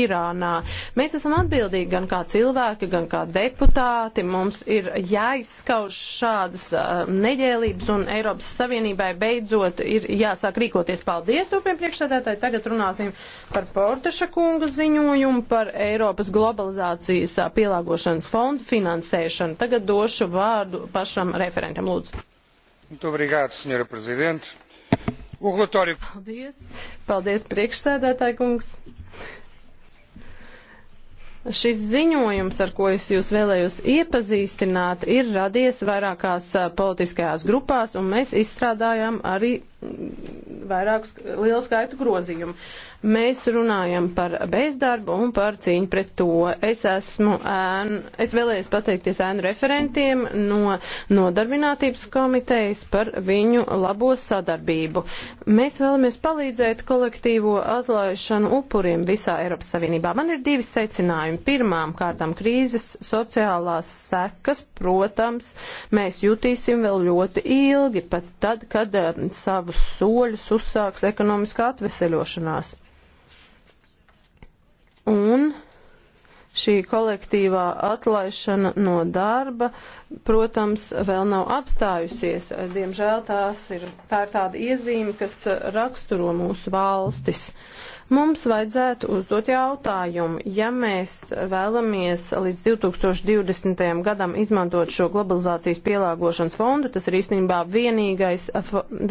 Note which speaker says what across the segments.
Speaker 1: Irānā. Mēs esam atbildīgi gan kā cilvēki, gan kā deputāti. Mums ir jāizskauž šādas uh, neģēlības un Eiropas Savienībai beidzot ir jāsāk rīkoties. Paldies, tūpiem priekšsēdētāji. Tagad runāsim par Portaša kunga ziņojumu par Eiropas globalizācijas uh, pielāgošanas fondu finansēšanu. Tagad došu vārdu pašam referentam. Lūdzu. Obrigado, senhora Presidente. O relatório. Paldies. Paldies, priekšsēdētāji kungs. Šis ziņojums, ar ko es jūs vēlējos iepazīstināt, ir radies vairākās politiskajās grupās, un mēs izstrādājām arī mm, vairākus lielu skaitu grozījumu. Mēs runājam par bezdarbu un par cīņu pret to. Es esmu ēnu, es vēlējos pateikties ēnu referentiem no nodarbinātības komitejas par viņu labo sadarbību. Mēs vēlamies palīdzēt kolektīvo atlaišanu upuriem visā Eiropas Savienībā. Man ir divi secinājumi piedzīvojam. Pirmām kārtām krīzes sociālās sekas, protams, mēs jutīsim vēl ļoti ilgi, pat tad, kad eh, savus soļus uzsāks ekonomiskā atveseļošanās. Un šī kolektīvā atlaišana no darba, protams, vēl nav apstājusies. Diemžēl tās ir, tā ir tāda iezīme, kas raksturo mūsu valstis. Uh, Mums vajadzētu uzdot jautājumu, ja mēs vēlamies līdz 2020. gadam izmantot šo globalizācijas pielāgošanas fondu, tas ir īstenībā vienīgais,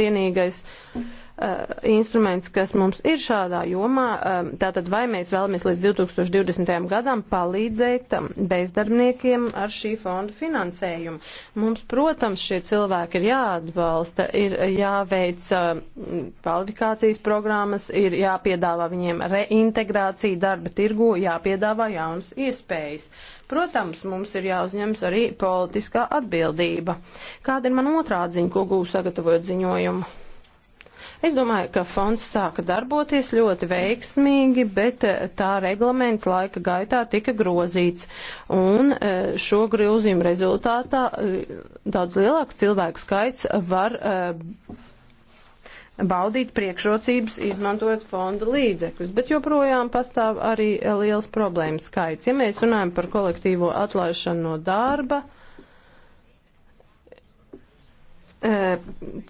Speaker 1: vienīgais uh, Eh, instruments, kas mums ir šādā jomā, eh, tātad vai mēs vēlamies līdz 2020. gadam palīdzēt eh, bezdarbniekiem ar šī fonda finansējumu. Mums, protams, šie cilvēki ir jāatbalsta, ir jāveic kvalifikācijas programmas, ir jāpiedāvā viņiem reintegrācija darba tirgu, jāpiedāvā jaunas iespējas. Protams, mums ir jāuzņems arī politiskā atbildība. Kāda ir man otrā ziņa, ko gūs sagatavojot ziņojumu? Es domāju, ka fonds sāka darboties ļoti veiksmīgi, bet eh, tā reglaments laika gaitā tika grozīts. Un eh, šo grozījumu rezultātā eh, daudz lielāks cilvēku skaits var baudīt priekšrocības, izmantojot fonda līdzekļus, bet joprojām pastāv arī liels problēmas skaits. Ja mēs runājam par kolektīvo atlaišanu no darba, uh,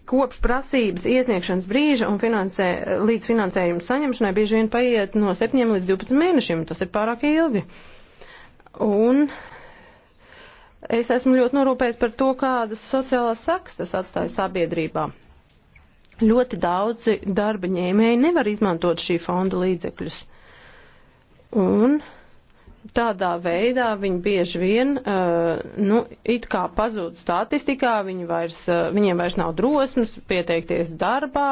Speaker 1: kopš prasības iesniegšanas brīža un finansē, līdz finansējuma saņemšanai bieži vien paiet no 7 līdz 12 mēnešiem. Tas ir pārāk ilgi. Un es esmu ļoti norūpējis par to, kādas sociālās sakas tas atstāja sabiedrībā. Ļoti daudzi darba ņēmēji nevar izmantot šī fonda līdzekļus. Un tādā veidā viņi bieži vien, uh, nu, it kā pazūd statistikā, viņi vairs, uh, viņiem vairs nav drosmes pieteikties darbā,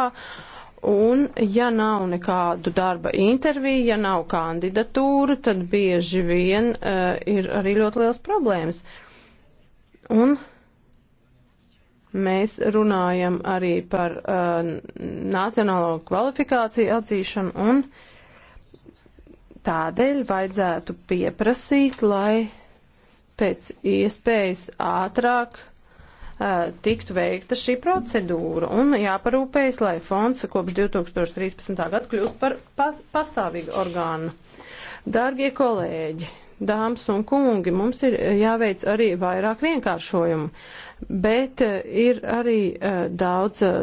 Speaker 1: un ja nav nekādu darba interviju, ja nav kandidatūru, tad bieži vien uh, ir arī ļoti liels problēmas. Un mēs runājam arī par uh, nacionālo kvalifikāciju atzīšanu un uh, Tādēļ vajadzētu pieprasīt, lai pēc iespējas ātrāk uh, tiktu veikta šī procedūra un jāparūpējas, lai fonds kopš 2013. gada kļūst par pas pastāvīgu orgānu. Dārgie kolēģi, dāmas un kungi, mums ir jāveic arī vairāk vienkāršojumu, bet ir arī uh, daudz uh,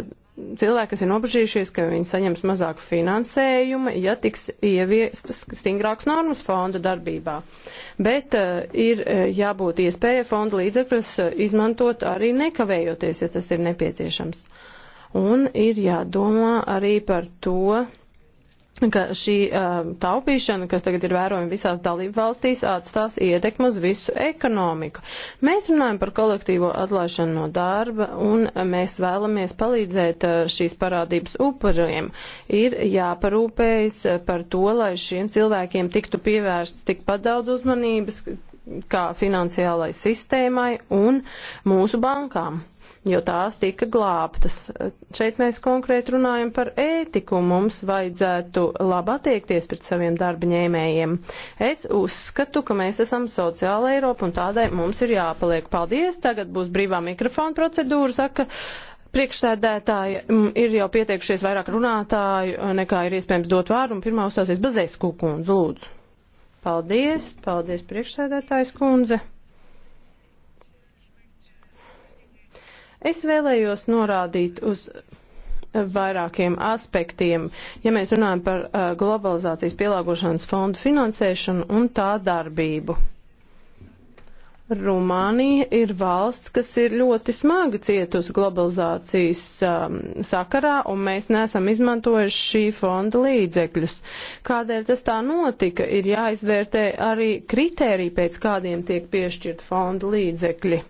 Speaker 1: cilvēki, kas ir nobežījušies, ka viņi saņems mazāk finansējuma, ja tiks ieviestas stingrākas normas fonda darbībā. Bet uh, ir eh, jābūt iespēja fonda līdzekļus eh, izmantot arī nekavējoties, ja tas ir nepieciešams. Un ir jādomā arī par to, ka šī uh, taupīšana, kas tagad ir vērojama visās dalību valstīs, atstās ietekmu uz visu ekonomiku. Mēs runājam par kolektīvo atlaišanu no darba un mēs vēlamies palīdzēt uh, šīs parādības upuriem. Ir jāparūpējas par to, lai šiem cilvēkiem tiktu pievērsts tikpat daudz uzmanības kā finansiālai sistēmai un mūsu bankām jo tās tika glābtas. Šeit mēs konkrēti runājam par ētiku, mums vajadzētu labi attiekties pret saviem darba ņēmējiem. Es uzskatu, ka mēs esam sociāla Eiropa un tādai mums ir jāpaliek. Paldies, tagad būs brīvā mikrofona procedūra, saka. Priekšsēdētāji mm, ir jau pieteikušies vairāk runātāju, nekā ir iespējams dot vārdu, un pirmā uzstāsies Bazēs Kukundze, lūdzu. Paldies, paldies priekšsēdētājs kundze. Es vēlējos norādīt uz vairākiem aspektiem, ja mēs runājam par uh, globalizācijas pielāgošanas fondu finansēšanu un tā darbību. Rumānija ir valsts, kas ir ļoti smagi cietusi globalizācijas um, sakarā, un mēs nesam izmantojuši šī fonda līdzekļus. Kādēļ tas tā notika, ir jāizvērtē arī kritērija, pēc kādiem tiek piešķirt fonda līdzekļi.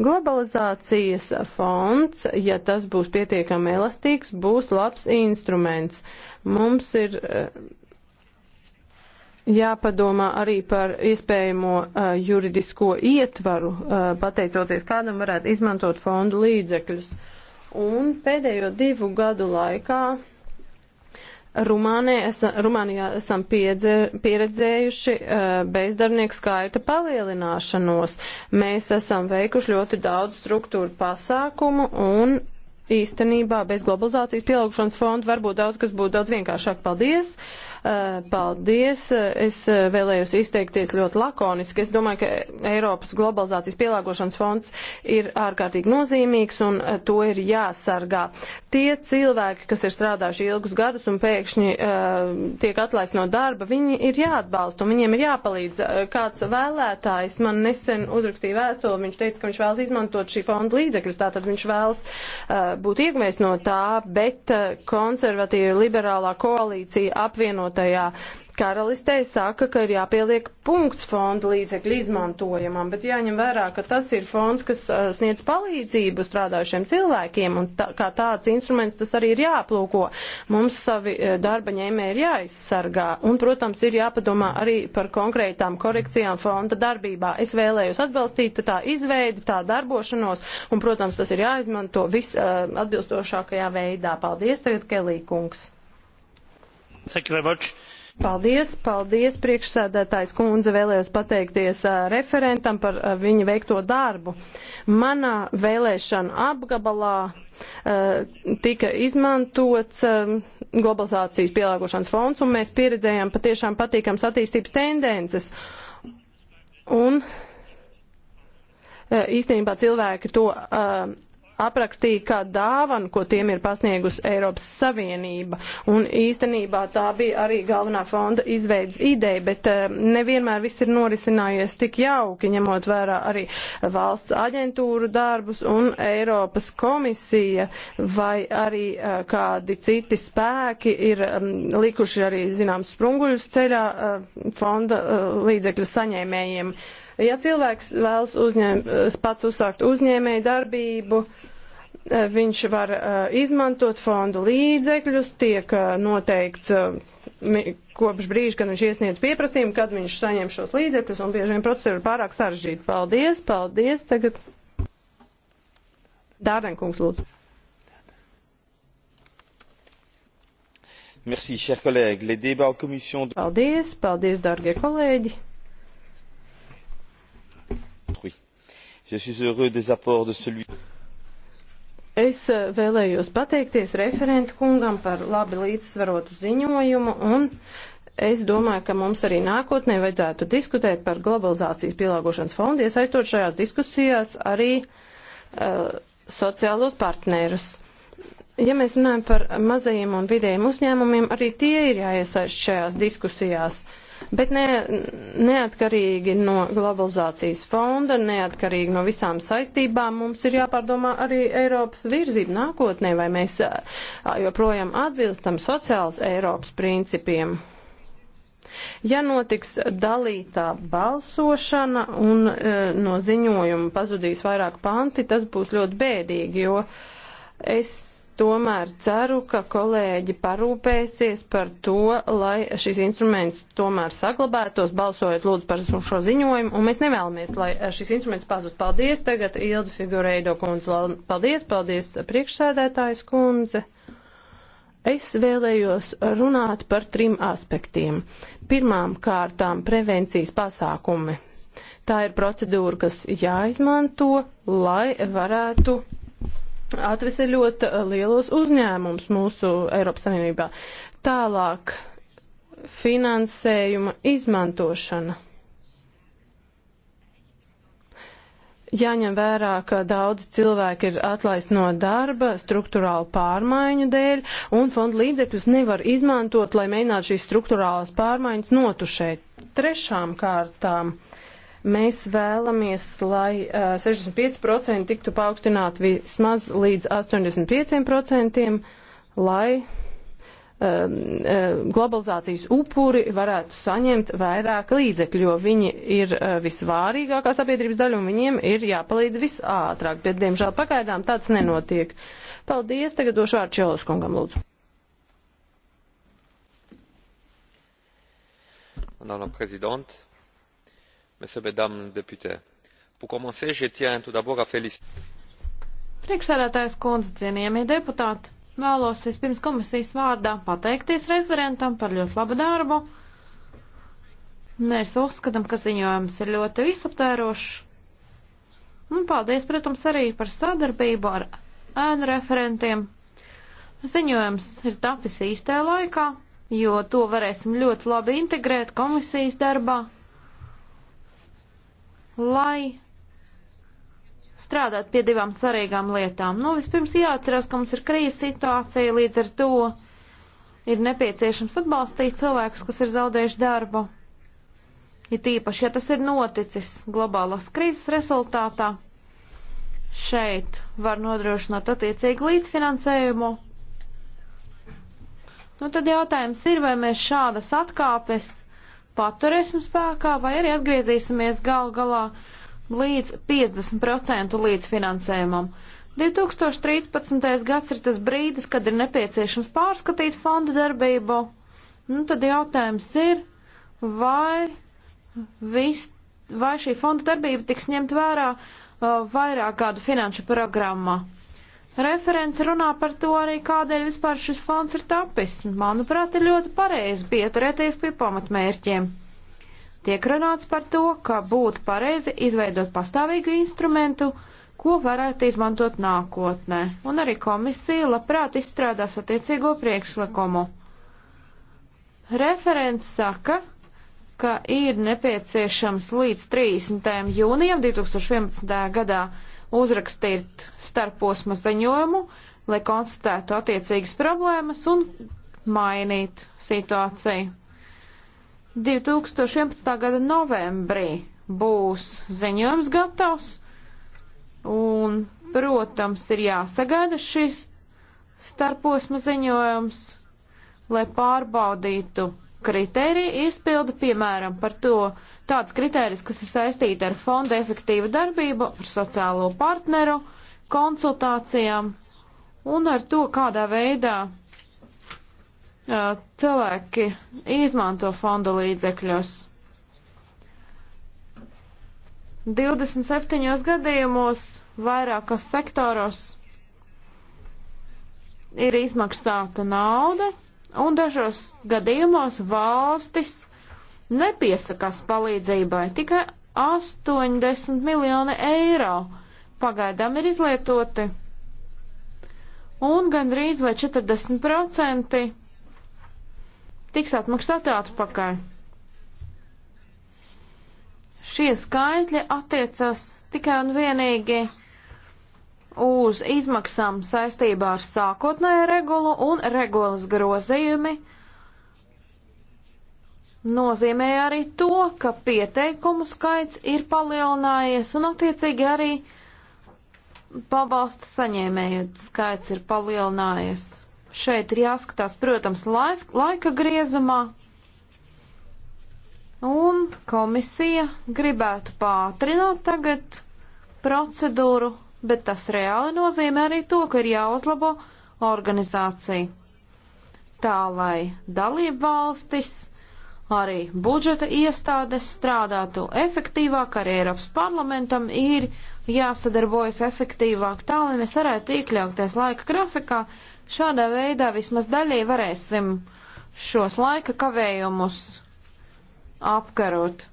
Speaker 1: Globalizācijas fonds, ja tas būs pietiekami elastīgs, būs labs instruments. Mums ir eh, jāpadomā arī par iespējamo eh, juridisko ietvaru, eh, pateicoties kādam varētu izmantot fondu līdzekļus. Un pēdējo divu gadu laikā Rumānijā, esam, Rumānijā esam piedze, pieredzējuši uh, bezdarbnieku skaita palielināšanos. Mēs esam veikuši ļoti daudz struktūru pasākumu un īstenībā bez globalizācijas pielāgošanas fonda varbūt daudz kas būtu daudz vienkāršāk. Paldies! Eh, paldies! Eh, es eh, vēlējos izteikties ļoti lakoniski. Es domāju, ka Eiropas globalizācijas pielāgošanas fonds ir ārkārtīgi nozīmīgs un to ir jāsargā. Tie cilvēki, kas ir strādājuši ilgus gadus un pēkšņi uh, tiek atlaist no darba, viņi ir jāatbalsta un viņiem ir jāpalīdz. Kāds vēlētājs man nesen uzrakstīja vēstuli, viņš teica, ka viņš vēlas izmantot šī fonda līdzekļus, tātad viņš vēlas uh, būtu ieguvējis no tā, bet eh, konservatīva liberālā koalīcija apvienotajā karalistei saka, ka ir jāpieliek punkts fonda līdzekļu izmantojamam, bet jāņem vērā, ka tas ir fonds, kas sniedz palīdzību strādājušiem cilvēkiem, un tā, kā tāds instruments tas arī ir jāplūko. Mums savi darba ņēmē ir jāizsargā, un, protams, ir jāpadomā arī par konkrētām korekcijām fonda darbībā. Es vēlējos atbalstīt tā izveidi, tā darbošanos, un, protams, tas ir jāizmanto vis atbilstošākajā veidā. Paldies, tagad Kelī kungs. Thank you very much. Paldies, paldies, priekšsēdētājs kundze, vēlējos pateikties referentam par viņa veikto darbu. Manā vēlēšana apgabalā tika izmantots globalizācijas pielāgošanas fonds, un mēs pieredzējām patiešām patīkams attīstības tendences. Un īstenībā cilvēki to uh, aprakstīja kā dāvanu, ko tiem ir pasniegusi Eiropas Savienība. Un īstenībā tā bija arī galvenā fonda izveidas ideja, bet eh, nevienmēr viss ir norisinājies tik jauki, ņemot vērā arī valsts aģentūru darbus un Eiropas komisija vai arī eh, kādi citi spēki ir mm, likuši arī zināms sprunguļus ceļā eh, fonda līdzekļu saņēmējiem. Uh, Ja cilvēks vēlas uzņēm, pats uzsākt uzņēmēju darbību, e, viņš var e, izmantot fondu līdzekļus, tiek e, noteikts kopš brīža, kad viņš iesniedz pieprasījumu, kad viņš saņem šos līdzekļus, un bieži vien procedūra ir pārāk sarežģīta. Paldies, paldies. Tagad Dārdenkungs lūdzu.
Speaker 2: Merci, chers collègues. Les débats en commission.
Speaker 1: Paldies, paldies, dārgie kolēģi.
Speaker 2: Es eh,
Speaker 1: vēlējos pateikties referentu kungam par labi līdzsvarotu ziņojumu un es domāju, ka mums arī nākotnē vajadzētu diskutēt par globalizācijas pielāgošanas fondu, iesaistot šajās diskusijās arī uh, sociālos partnerus. Ja mēs runājam par mazajiem un vidējiem uzņēmumiem, arī tie ir jāiesaist šajās diskusijās. Uh, Bet ne, neatkarīgi no globalizācijas fonda, neatkarīgi no visām saistībām, mums ir jāpārdomā arī Eiropas virzība nākotnē, vai mēs joprojām atbilstam sociāls Eiropas principiem. Ja notiks dalītā balsošana un e, no ziņojuma pazudīs vairāk panti, tas būs ļoti bēdīgi, jo es tomēr ceru, ka kolēģi parūpēsies par to, lai šis instruments tomēr saglabētos, balsojot lūdzu par šo ziņojumu, un mēs nevēlamies, lai šis instruments pazūd. Paldies tagad, Ilda Figureido kundze, paldies, paldies priekšsēdētājs kundze. Es vēlējos runāt par trim aspektiem. Pirmām kārtām prevencijas pasākumi. Tā ir procedūra, kas jāizmanto, lai varētu atveseļot uh, lielos uzņēmumus mūsu Eiropas Savienībā. Tālāk finansējuma izmantošana. Jāņem vērā, ka daudzi cilvēki ir atlaisti no darba struktūrālu pārmaiņu dēļ, un fonda līdzekļus nevar izmantot, lai mēģinātu šīs struktūrālās pārmaiņas notušēt. Trešām kārtām uh, Mēs vēlamies, lai uh, 65% tiktu paaugstināt vismaz līdz 85%, lai globalizācijas upuri varētu saņemt vairāk līdzekļu, jo viņi ir visvārīgākā sabiedrības daļa un viņiem ir jāpalīdz visātrāk, bet diemžēl pagaidām tāds nenotiek. Paldies, tagad došu vārdu Čelos kungam, lūdzu. Doamna prezident, messieurs mesdames les députés pour commencer je tiens tout d'abord à féliciter.
Speaker 2: priekšsēdētājas kundze cienījamie deputāti vēlos vispirms komisijas vārdā pateikties referentam par ļoti labu darbu. Mēs uzskatām, ka ziņojums ir ļoti visaptērošs. Un paldies, protams, arī par sadarbību ar ēnu referentiem. Ziņojums ir tapis īstē laikā, jo to varēsim ļoti labi integrēt komisijas darbā lai strādāt pie divām svarīgām lietām. Nu, vispirms jāatcerās, ka mums ir krīzes situācija, līdz ar to ir nepieciešams atbalstīt cilvēkus, kas ir zaudējuši darbu. Ir ja tīpaši, ja tas ir noticis globālas krīzes rezultātā, šeit var nodrošināt attiecīgu līdzfinansējumu. Nu, tad jautājums ir, vai mēs šādas atkāpes paturēsim spēkā, vai arī atgriezīsimies gal galā līdz 50% līdzfinansējumam. 2013. gads ir tas brīdis, kad ir nepieciešams pārskatīt fonda darbību. Nu, tad jautājums ir, vai, vis, vai šī fonda darbība tiks ņemt vērā uh, vairāk gadu finanšu programmā. Referents runā par to arī, kādēļ vispār šis fonds ir tapis. Manuprāt, ir ļoti pareizi pieturēties pie pamatmērķiem. Tiek runāts par to, ka būtu pareizi izveidot pastāvīgu instrumentu, ko varētu izmantot nākotnē, un arī komisija labprāt izstrādās attiecīgo priekšlikumu. Referents saka, ka ir nepieciešams līdz 30. jūnijam 2011. gadā uzrakstīt starposma ziņojumu, lai konstatētu attiecīgas problēmas un mainīt situāciju. 2011. gada novembrī būs ziņojums gatavs, un, protams, ir jāsagaida šis starposma ziņojums, lai pārbaudītu kritēriju izpildi, piemēram, par to, tāds kriterijs, kas ir saistīti ar fonda efektīvu darbību, ar sociālo partneru, konsultācijām un ar to, kādā veidā uh, cilvēki izmanto fonda līdzekļus. 27 gadījumos vairākos sektoros ir izmaksāta nauda, un dažos gadījumos valstis nepiesakās palīdzībai tikai 80 miljoni eiro pagaidām ir izlietoti. Un gandrīz vai 40% tiks atmaksāti atpakaļ. Šie skaitļi attiecas tikai un vienīgi uz izmaksām saistībā ar sākotnēju regulu un regulas grozījumi nozīmē arī to, ka pieteikumu skaits ir palielinājies un attiecīgi arī pabalsta saņēmēju skaits ir palielinājies. Šeit ir jāskatās, protams, laif, laika griezumā, un komisija gribētu pātrināt tagad procedūru, bet tas reāli nozīmē arī to, ka ir jāuzlabo organizācija. Tā lai dalību valstis arī budžeta iestādes strādātu efektīvāk, arī Eiropas parlamentam ir jāsadarbojas efektīvāk tā, lai mēs varētu iekļauties laika grafikā. Šādā veidā vismaz daļai varēsim šos laika kavējumus apkarot.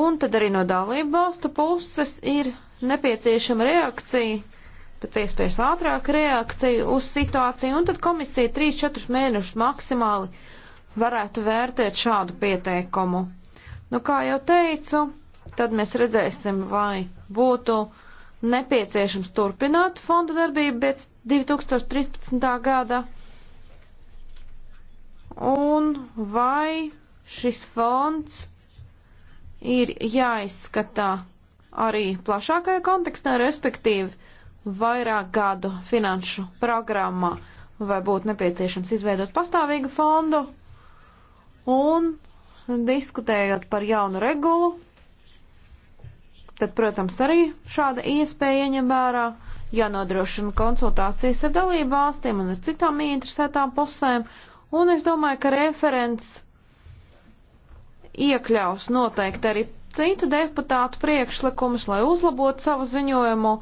Speaker 2: Un tad arī no dalību valstu puses ir nepieciešama reakcija, pēc iespējas ātrāka reakcija uz situāciju, un tad komisija 3-4 mēnešus maksimāli varētu vērtēt šādu pieteikumu. Nu, kā jau teicu, tad mēs redzēsim, vai būtu nepieciešams turpināt fonda darbību pēc 2013. gada, un vai šis fonds ir jāizskatā arī plašākajā kontekstā, respektīvi vairāk gadu finanšu programmā, vai būtu nepieciešams izveidot pastāvīgu fondu Un diskutējot par jaunu regulu, tad, protams, arī šāda iespēja ieņem vērā, jānodrošina konsultācijas ar dalību valstīm un ar citām ieinteresētām pusēm, un es domāju, ka referents iekļaus noteikti arī citu deputātu priekšlikumus, lai uzlabotu savu ziņojumu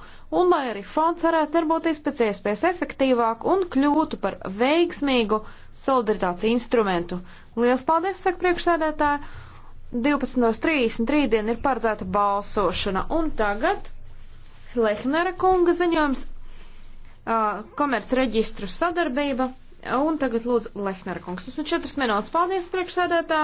Speaker 2: un lai arī fonds varētu darboties pēc iespējas efektīvāk un kļūtu par veiksmīgu solidaritātes instrumentu. Lielas paldies, saka priekšsēdētāji. 12.30 rītdien ir paredzēta balsošana. Un tagad Lehnera kunga ziņojums uh, komerc reģistru sadarbība. Un tagad lūdzu Lehnera kungs. Tas nu četras minūtes. Paldies, priekšsēdētāji.